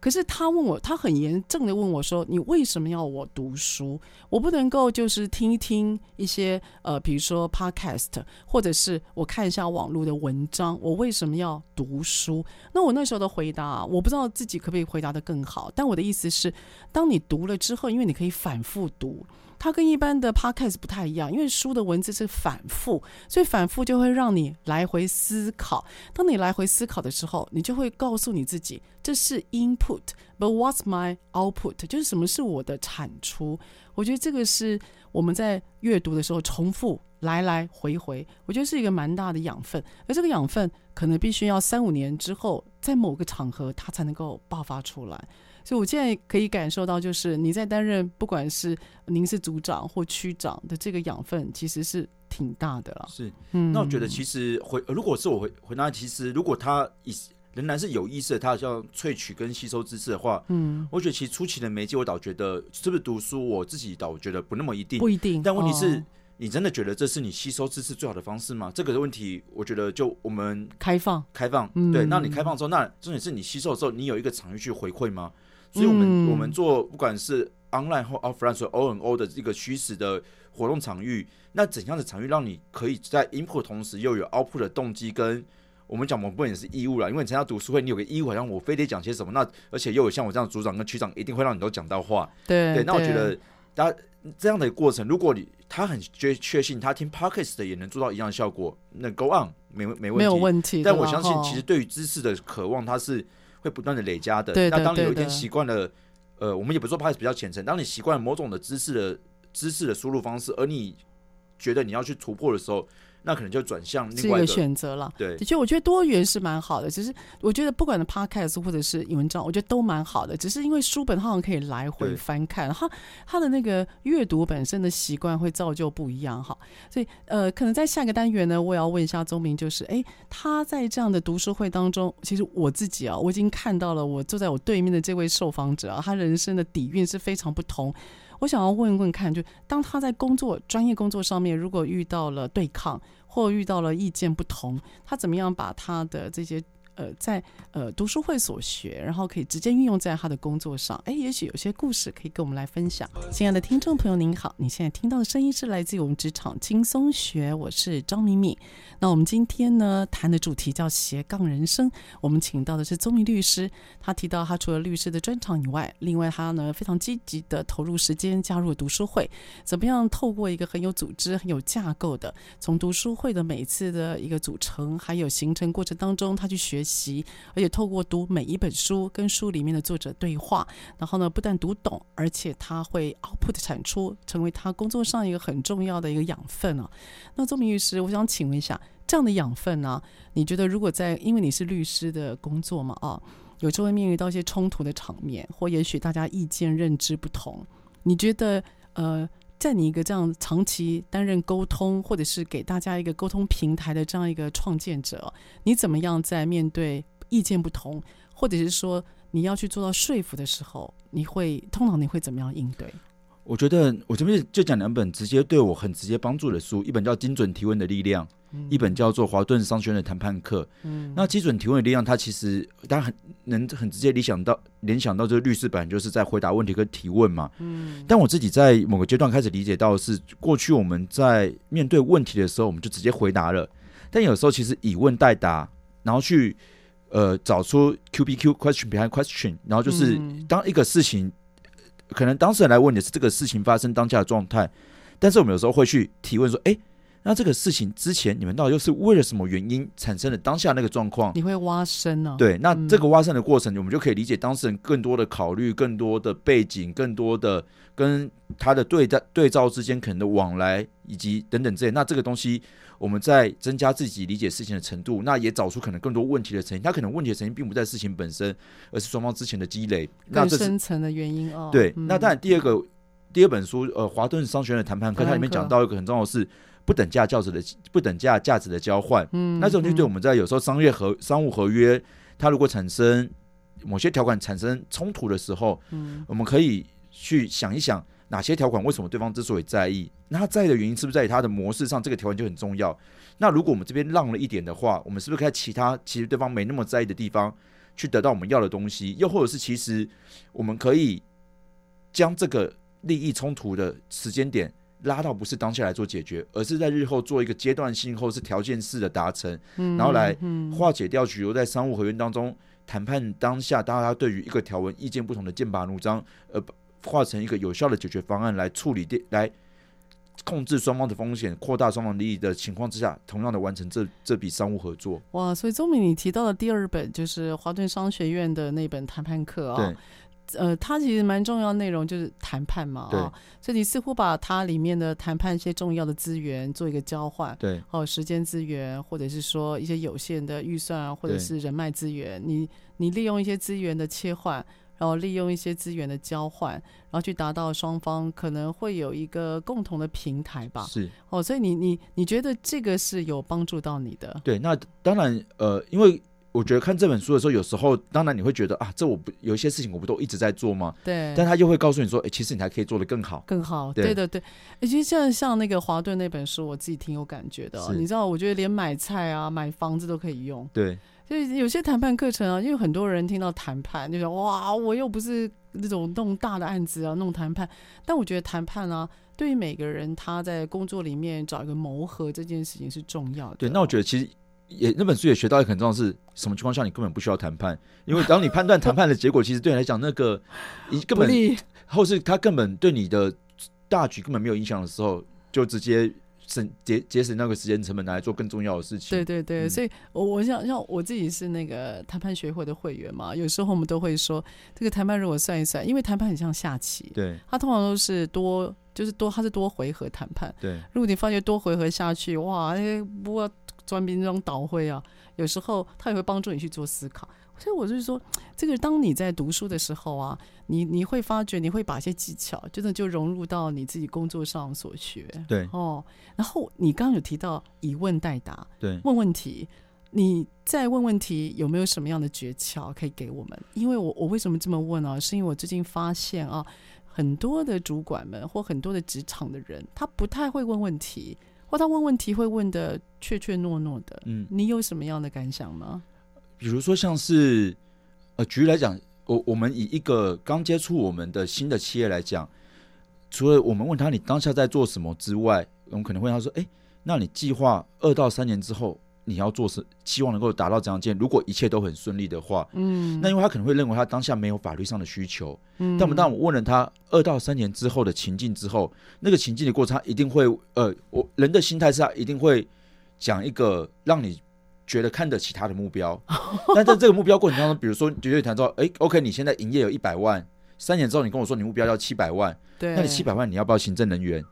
可是他問我，他很嚴正地問我說：“你為什麼要我讀書？我不能夠就是聽一聽一些呃，比如說 podcast，或者是我看一下網絡的文章，我為什麼要讀書？”那我那時候的回答，我不知道自己可不可以回答得更好，但我的意思是，當你讀了之後，因為你可以反復讀。它跟一般的 podcast 不太一樣，因為書的文字是反復，所以反復就會讓你來回思考。當你來回思考的時候，你就會告訴你自己，這是 input，but what's my output？就是什麼是我的產出。我覺得這個是我們在閱讀的時候重複，來來回回，我覺得是一個蠻大的養分。而這個養分可能必須要三五年之後，在某個場合它才能夠爆發出來。所以我現在可以感受到，就是你在擔任，不管是您是組長或區長的這個養分，其實是挺大的了。是，嗯。那我覺得，其實回，如果是我回回答，其實如果他意仍然是有意識，他要萃取跟吸收知識的話，嗯，我覺得其實初期的媒介，我倒覺得是不是讀書，我自己倒覺得不那麼一定，不一定。但問題是，你真的覺得這是你吸收知識最好的方式嗎？哦、這個問題，我覺得就我們開放，開放，嗯、對。那你開放之後，那重點是你吸收之後你有一個場域去回饋嗎？所以我們、嗯、我們做不管是 online 或 offline 或 O and O 的這個虛實的活動場域，那怎樣的場域讓你可以在 input 同時又有 output 的動機？跟我們講，我們不也是義務了，因為你參加讀書會，你有個義務，像我非得講些什麼？那而且又有像我這樣的組長跟區長，一定會讓你都講到話。對對，那我覺得，大家這樣的過程，如果你他很確確信他聽 podcast 也能做到一樣的效果，那 go on 沒沒問題，沒有問題。問題但我相信，其實對於知識的渴望，他是。會不斷的累加的，對對對對，那當你有一天習慣了，對對對對呃，我們也不說 pass 比較虔誠，當你習慣了某種的知識的知識的輸入方式，而你覺得你要去突破的時候，那可能就轉向另外一個選擇了。對，的確我覺得多元是蠻好的。其實我覺得不管的 podcast 或者是文章，我覺得都蠻好的。只是因為書本好像可以來回翻看，哈對，然後他的那個閱讀本身的習慣會造就不一樣，哈。所以呃，可能在下個單元呢，我也要問一下宗鳴，就是哎、欸，他在這樣的讀書會當中，其實我自己啊，我已經看到了，我坐在我對面的這位受訪者啊，他人生的底蘊是非常不同。我想要問一問看，就當他在工作、專業工作上面，如果遇到了對抗或遇到了意見不同，他怎麼樣把他的這些……呃，在呃讀書會所學，然後可以直接運用在他的工作上。哎，也許有些故事可以跟我們來分享。親愛的聽眾朋友，您好，你現在聽到的聲音是來自於我們職場輕鬆學，我是張敏敏。那我們今天呢，談的主題叫斜槓人生。我們請到的是宗鳴律師，他提到他除了律師的專長以外，另外他呢非常積極的投入時間加入讀書會，怎麼樣透過一個很有組織、很有架構的，從讀書會的每次的一個組成還有形成過程當中，他去學。習，而且透過讀每一本書，跟書裡面的作者對話，然後呢，不但讀懂，而且他會 output 的產出，成為他工作上一個很重要的一個養分、啊、那宗鳴律師，我想請問一下，這樣的養分呢、啊？你覺得如果在，因為你是律師的工作嘛，啊，有時候會面遇到一些衝突的場面，或也許大家意見認知不同，你覺得呃？在你一個這樣長期擔任溝通，或者是給大家一個溝通平台的這樣一個創建者，你怎麼樣在面對意見不同，或者是說你要去做到說服的時候，你會通常你會怎麼樣應對？我覺得我這邊就講兩本直接對我很直接幫助的書，一本叫《精準提問的力量》。一本叫做《華頓商學院的談判課》，嗯，那基準提問的力量，它其實大家很能很直接聯想到，聯想到這個律師本來就是在回答問題跟提問嘛，嗯。但我自己在某個階段開始理解到的是，是過去我們在面對問題的時候，我們就直接回答了，但有時候其實以問代答，然後去呃找出 Q B Q question behind question，然後就是當一個事情、嗯、可能當事人來問的是這個事情發生當下的狀態，但是我們有時候會去提問說，哎、欸。那這個事情之前，你們到底又是為了什麼原因產生了當下那個狀況？你會挖深呢、啊？對，那這個挖深的過程，嗯、我們就可以理解當事人更多的考慮、更多的背景、更多的跟他的對待對照之間可能的往來，以及等等這些。那這個東西，我們在增加自己理解事情的程度，那也找出可能更多問題的成因。他可能問題的成因並不在事情本身，而是雙方之前的積累。更深層的原因哦。對，嗯、那當然第二個第二本書，呃，《華頓商學院的談判課》嗯，它裡面講到一個很重要的是。不等價價值的不等價價值的交換，嗯，那這種就對我們在有時候商業合商務合約，它如果產生某些條款產生衝突的時候，嗯，我們可以去想一想哪些條款為什麼對方之所以在意，那他在意的原因是不是在於他的模式上？這個條款就很重要。那如果我們這邊讓了一點的話，我們是不是可以在其他其實對方沒那麼在意的地方去得到我們要的東西？又或者是其實我們可以將這個利益衝突的時間點？拉到不是當下來做解決，而是在日後做一個階段性，或是條件式的達成，嗯、然後來化解掉儲留在商務合約當中談、嗯、判當下大家對於一個條文意見不同的劍拔弩張，呃，化成一個有效的解決方案來處理，來控制雙方的風險，擴大雙方利益的情況之下，同樣的完成這這筆商務合作。哇，所以宗鳴，你提到的第二本就是華頓商學院的那本談判課啊、哦。呃，它其實蠻重要的內容，就是談判嘛，啊對、哦，所以你似乎把它裡面的談判一些重要的資源做一個交換，對，還有、哦、時間資源或者是說一些有限的預算啊，或者是人脈資源，對你你利用一些資源的切換，然後利用一些資源的交換，然後去達到雙方可能會有一個共同的平台吧，是對，哦，所以你你你覺得這個是有幫助到你的，對，那當然，呃，因為。我覺得看這本書的時候，有時候當然你會覺得啊，這我不有一些事情我不都一直在做嗎？對。但他就會告訴你說，哎、欸，其實你還可以做得更好，更好。對，對對對。其實像像那個華頓那本書，我自己挺有感覺的、哦。是你知道，我覺得連買菜啊、買房子都可以用。對。所以有些談判課程啊，因為很多人聽到談判就說哇，我又不是那種弄大的案子啊，弄談判。但我覺得談判啊，對於每個人他在工作裡面找一個謀合這件事情是重要的、哦。對，那我覺得其實。也那本書也學到一個很重要的是什麼情況下你根本不需要談判，因為當你判斷談判的結果 其實對你來講那個，你根本或是他根本對你的大局根本沒有影響的時候，就直接省節節省那個時間成本來做更重要的事情。對對對，嗯、所以我我想像，像我自己是那個談判學會的會員嘛，有時候我們都會說這個談判如果算一算，因為談判很像下棋，對，他通常都是多就是多，他是多回合談判，對，如果你發覺多回合下去，哇，個、欸，不過。專兵這種導會啊，有時候他也會幫助你去做思考，所以我就是說，這個當你在讀書的時候啊，你你會發覺，你會把一些技巧真的就融入到你自己工作上所學。對哦，然後你剛剛有提到以問代答，對，問問題，你在問問題有沒有什麼樣的訣竅可以給我們？因為我我為什麼這麼問啊？是因為我最近發現啊，很多的主管們或很多的職場的人，他不太會問問題。或他問問題會問的怯怯懦懦的，嗯，你有什麼樣的感想嗎？比如說像是，呃，舉例來講，我我們以一個剛接觸我們的新的企業來講，除了我們問他你當下在做什麼之外，我們可能會問他說，哎，那你計劃二到三年之後，你要做是希望能夠達到怎樣件？件如果一切都很順利的話，嗯，那因為他可能會認為他當下沒有法律上的需求，嗯，但我們當我問了他二到三年之後的情境之後，那個情境的過程，他一定會呃，我人的心態是他一定會講一個讓你覺得看得起他的目標， 但在這個目標過程當中，比如說你就會談到，哎、欸，OK，你現在營業有一百萬，三年之後你跟我說你目標要七百萬，對那你七百萬你要不要行政人員？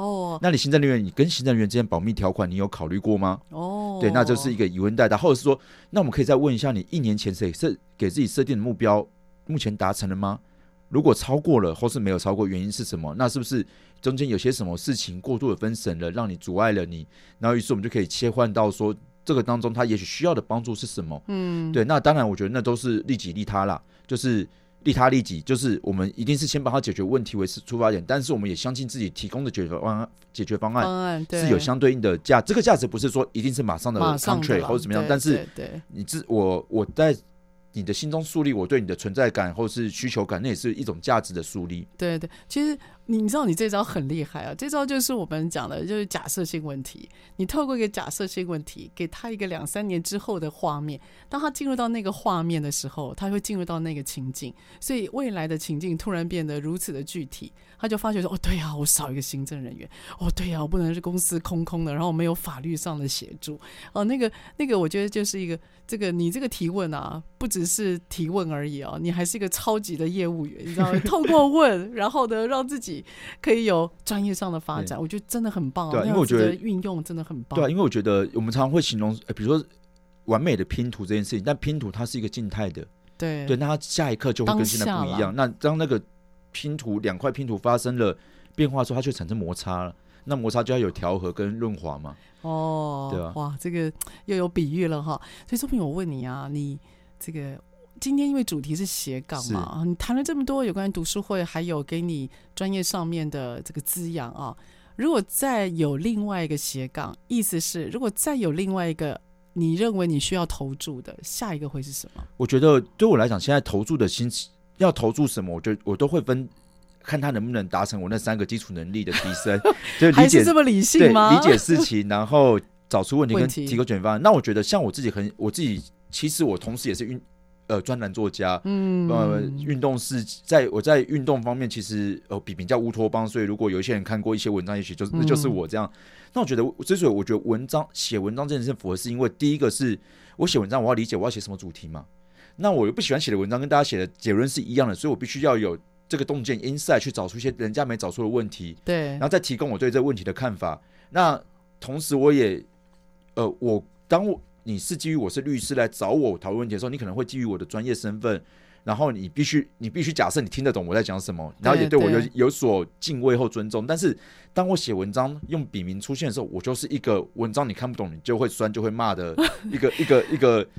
哦，那你行政人員，你跟行政人員之間保密條款，你有考慮過嗎？哦，oh. 對，那就是一個疑問待答，或者是說，那我們可以再問一下你，你一年前誰設給自己設定的目標，目前達成了嗎？如果超過了或是沒有超過，原因是什麼？那是不是中間有些什麼事情過度的分神了，讓你阻礙了你？然後，於是我們就可以切換到說，這個當中他也許需要的幫助是什麼？嗯，對，那當然，我覺得那都是利己利他啦，就是。利他利己，就是我們一定是先幫他解決問題為是出發點，但是我們也相信自己提供的解決方解決方案是有相對應的價，嗯、這個價值不是說一定是馬上的 contract 或者怎麼樣，對對對，但是對你自我我在你的心中樹立我對你的存在感或是需求感，那也是一種價值的樹立。對，對對，其實。你知道你這招很厲害啊！這招就是我們講的，就是假設性問題。你透過一個假設性問題，給他一個兩三年之後的畫面。當他進入到那個畫面的時候，他會進入到那個情境。所以未來的情境突然變得如此的具體，他就發覺說：“哦，對呀，我少一個行政人員。哦，對呀，我不能是公司空空的，然後我沒有法律上的協助。哦，那個那個，我覺得就是一個這個你這個提問啊，不只是提問而已啊，你還是一個超級的業務員，你知道？透過問，然後呢，讓自己。可以有專業上的發展，嗯、我覺得真的很棒、啊。對、啊，那樣子因為我覺得運用真的很棒。對、啊，因為我覺得我們常常會形容、欸，比如說完美的拼圖這件事情，但拼圖它是一個靜態的，對對，那它下一刻就會跟現在不一樣。當那當那個拼圖兩塊拼圖發生了變化的時候，它就產生摩擦了，那摩擦就要有調和跟潤滑嘛。哦，對啊，哇，這個又有比喻了哈。所以宗鳴，我問你啊，你這個。今天因為主題是斜槓嘛是、啊，你談了這麼多有關讀書會，還有給你專業上面的這個滋養啊。如果再有另外一個斜槓，意思是如果再有另外一個你認為你需要投注的下一個會是什麼？我覺得對我來講，現在投注的心情要投注什麼，我就我都會分看他能不能達成我那三個基礎能力的提升。 就理解還是這麼理性嗎？理解事情，然後找出問題跟提個解決方案。 題那我覺得像我自己很，很我自己其實我同時也是運。呃，專欄作家，嗯呃在在，呃，運動是在我在運動方面，其實呃，筆名叫烏托邦，所以如果有一些人看過一些文章，也許就是、嗯、那就是我這樣。那我覺得，之所以我覺得文章寫文章這件事符合，是因為第一個是，我寫文章我要理解我要寫什麼主題嘛。那我又不喜歡寫的文章跟大家寫的結論是一樣的，所以我必須要有這個洞見 inside 去找出一些人家沒找出的問題，對，然後再提供我對這個問題的看法。那同時我也，呃，我當我。你是基於我是律師來找我討論問題的時候，你可能會基於我的專業身份，然後你必須你必須假設你聽得懂我在講什麼，然後也對我有有所敬畏或尊重。對對對，但是當我寫文章用筆名出現的時候，我就是一個文章你看不懂，你就會酸就會罵的一個一個一個。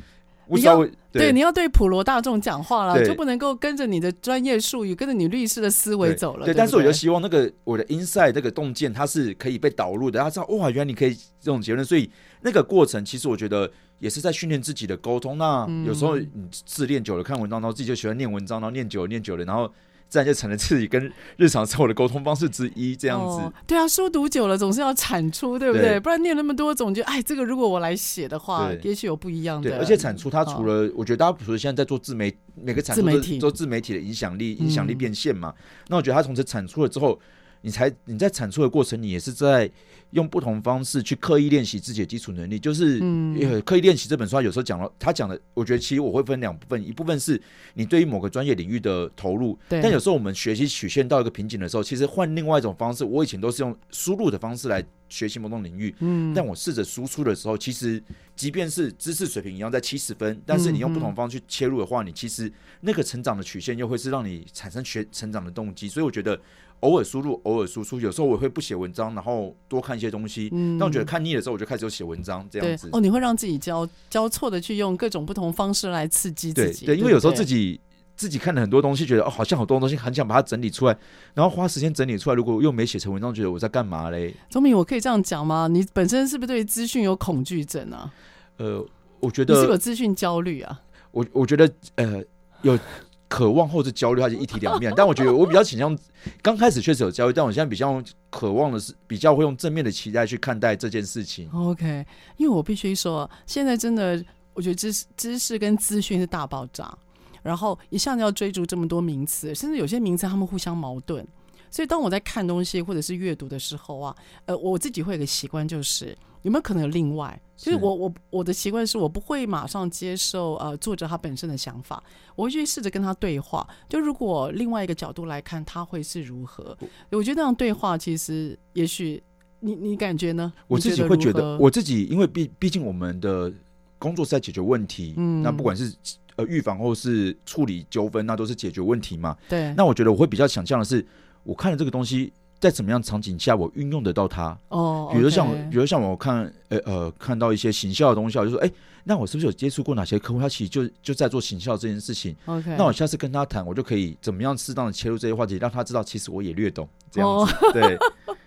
你要對，不對，對你要對普羅大眾講話了，對就不能夠跟着你的專業術語，跟着你律師的思維走了。對，對，對，對，但是我就希望那個我的 insight 這個洞見，它是可以被導入的。他知道哇，原來你可以這種結論，所以那個過程其實我覺得也是在訓練自己的溝通。那有時候你自練久了，看文章，然後自己就喜歡念文章，然後念久了，念久了，然後，自然就成了自己跟日常生活的溝通方式之一，這樣子、哦。對啊，書讀久了總是要產出，對不對？對，不然念那麼多，總覺得哎，這個如果我來寫的話，對也許有不一樣的。對，而且產出它除了，哦、我覺得大家比如說現在在做自媒，每個產自媒體做自媒體的影響力，影響力變現嘛。嗯、那我覺得他從此產出了之後。你才你在產出的過程，你也是在用不同方式去刻意練習自己的基礎能力，就是嗯，刻意練習這本書，他有時候講了他講的，我覺得其實我會分兩部分：一部分是你對於某個專業領域的投入，但有時候我們學習曲線到一個瓶頸的時候，其實換另外一種方式。我以前都是用輸入的方式來學習某種領域，但我試着輸出的時候，其實即便是知識水平一樣在七十分，但是你用不同方式切入的話，你其實那個成長的曲線又會是讓你產生學成長的動機。所以我覺得。偶爾輸入，偶爾輸出，有時候我也會不寫文章，然後多看一些東西。嗯，但我覺得看膩的時候，我就開始有寫文章這樣子，對。哦，你會讓自己交交錯的去用各種不同方式來刺激自己。對，對，因為有時候自己對對對，自己看了很多東西，覺得哦，好像好多東西很想把它整理出來，然後花時間整理出來。如果又沒寫成文章，覺得我在幹嘛嘞？宗鳴，我可以這樣講嗎？你本身是不是對資訊有恐懼症啊？呃，我覺得你是不是有資訊焦慮啊？我我覺得呃有。渴望，或者焦慮，它是一體兩面。 但我覺得我比較傾向剛開始確實有焦慮，但我現在比較渴望的是比較會用正面的期待去看待這件事情。OK，因為我必須說，現在真的我覺得知，知識跟資訊是大爆炸，然後一下子要追逐這麼多名詞，甚至有些名詞他們互相矛盾。所以當我在看東西或者是閱讀的時候啊，呃，我自己會有一個習慣就是。有沒有可能有另外？所以，就是，我我我的習慣是我不會馬上接受呃作者他本身的想法，我會去試着跟他對話。就如果另外一個角度來看，他會是如何？我，我覺得那樣對話其實也許，也許你你感覺呢？我自己會覺得，覺得我自己因為畢畢竟我們的工作是在解決問題，嗯，那不管是呃預防或是處理糾紛，那都是解決問題嘛。對。那我覺得我會比較想象的是，我看了這個東西。在怎麼樣場景下我運用得到它？哦、oh, okay.，比如像比如像我看，呃呃，看到一些行銷的東西，我就是、說，哎、欸，那我是不是有接觸過哪些客戶？他其實就就在做行銷這件事情。Okay. 那我下次跟他談，我就可以怎麼樣適當的切入這些話題，讓他知道其實我也略懂這樣子，oh. 對。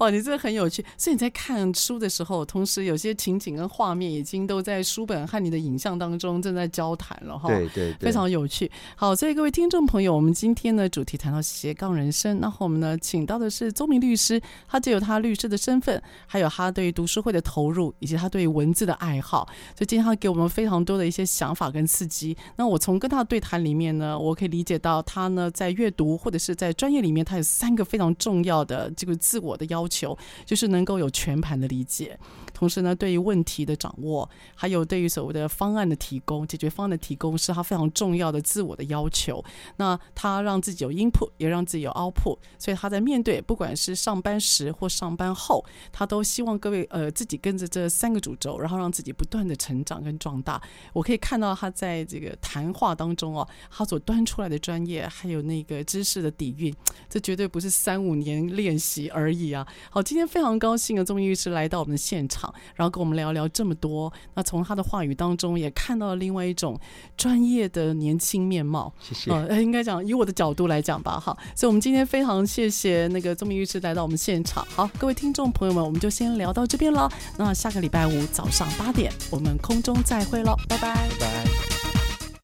哇，你真的很有趣，所以你在看書的時候，同時有些情景跟畫面已經都在書本和你的影像當中正在交談了，哈，對，對對，非常有趣。好，所以各位聽眾朋友，我們今天呢主題談到斜槓人生，那我們呢請到的是宗明律師，他就有他律師的身份，還有他對讀書會的投入，以及他對文字的愛好，所以今天他給我們非常多的一些想法跟刺激。那我從跟他的對談裡面呢，我可以理解到他呢在閱讀或者是在專業裡面，他有三個非常重要的這個、就是、自我的要求。求就是能夠有全盤的理解。同時呢，對於問題的掌握，還有對於所謂的方案的提供、解決方案的提供，是他非常重要的自我的要求。那他讓自己有 input，也讓自己有 output，所以他在面對不管是上班時或上班後，他都希望各位呃自己跟着這三個主軸，然後讓自己不斷的成長跟壯大。我可以看到他在這個談話當中啊、哦，他所端出來的專業，還有那個知識的底蘊，這絕對不是三五年練習而已啊。好，今天非常高興啊，宗鳴律師來到我們的現場。然後跟我們聊聊這麼多，那從他的話語當中也看到了另外一種專業的年輕面貌。謝謝。呃，應該講以我的角度來講吧，哈。所以，我們今天非常謝謝那個宗鳴律師來到我們現場。好，各位聽眾朋友們，我們就先聊到這邊了。那下個禮拜五早上八點，我們空中再會嘍，拜拜。拜拜。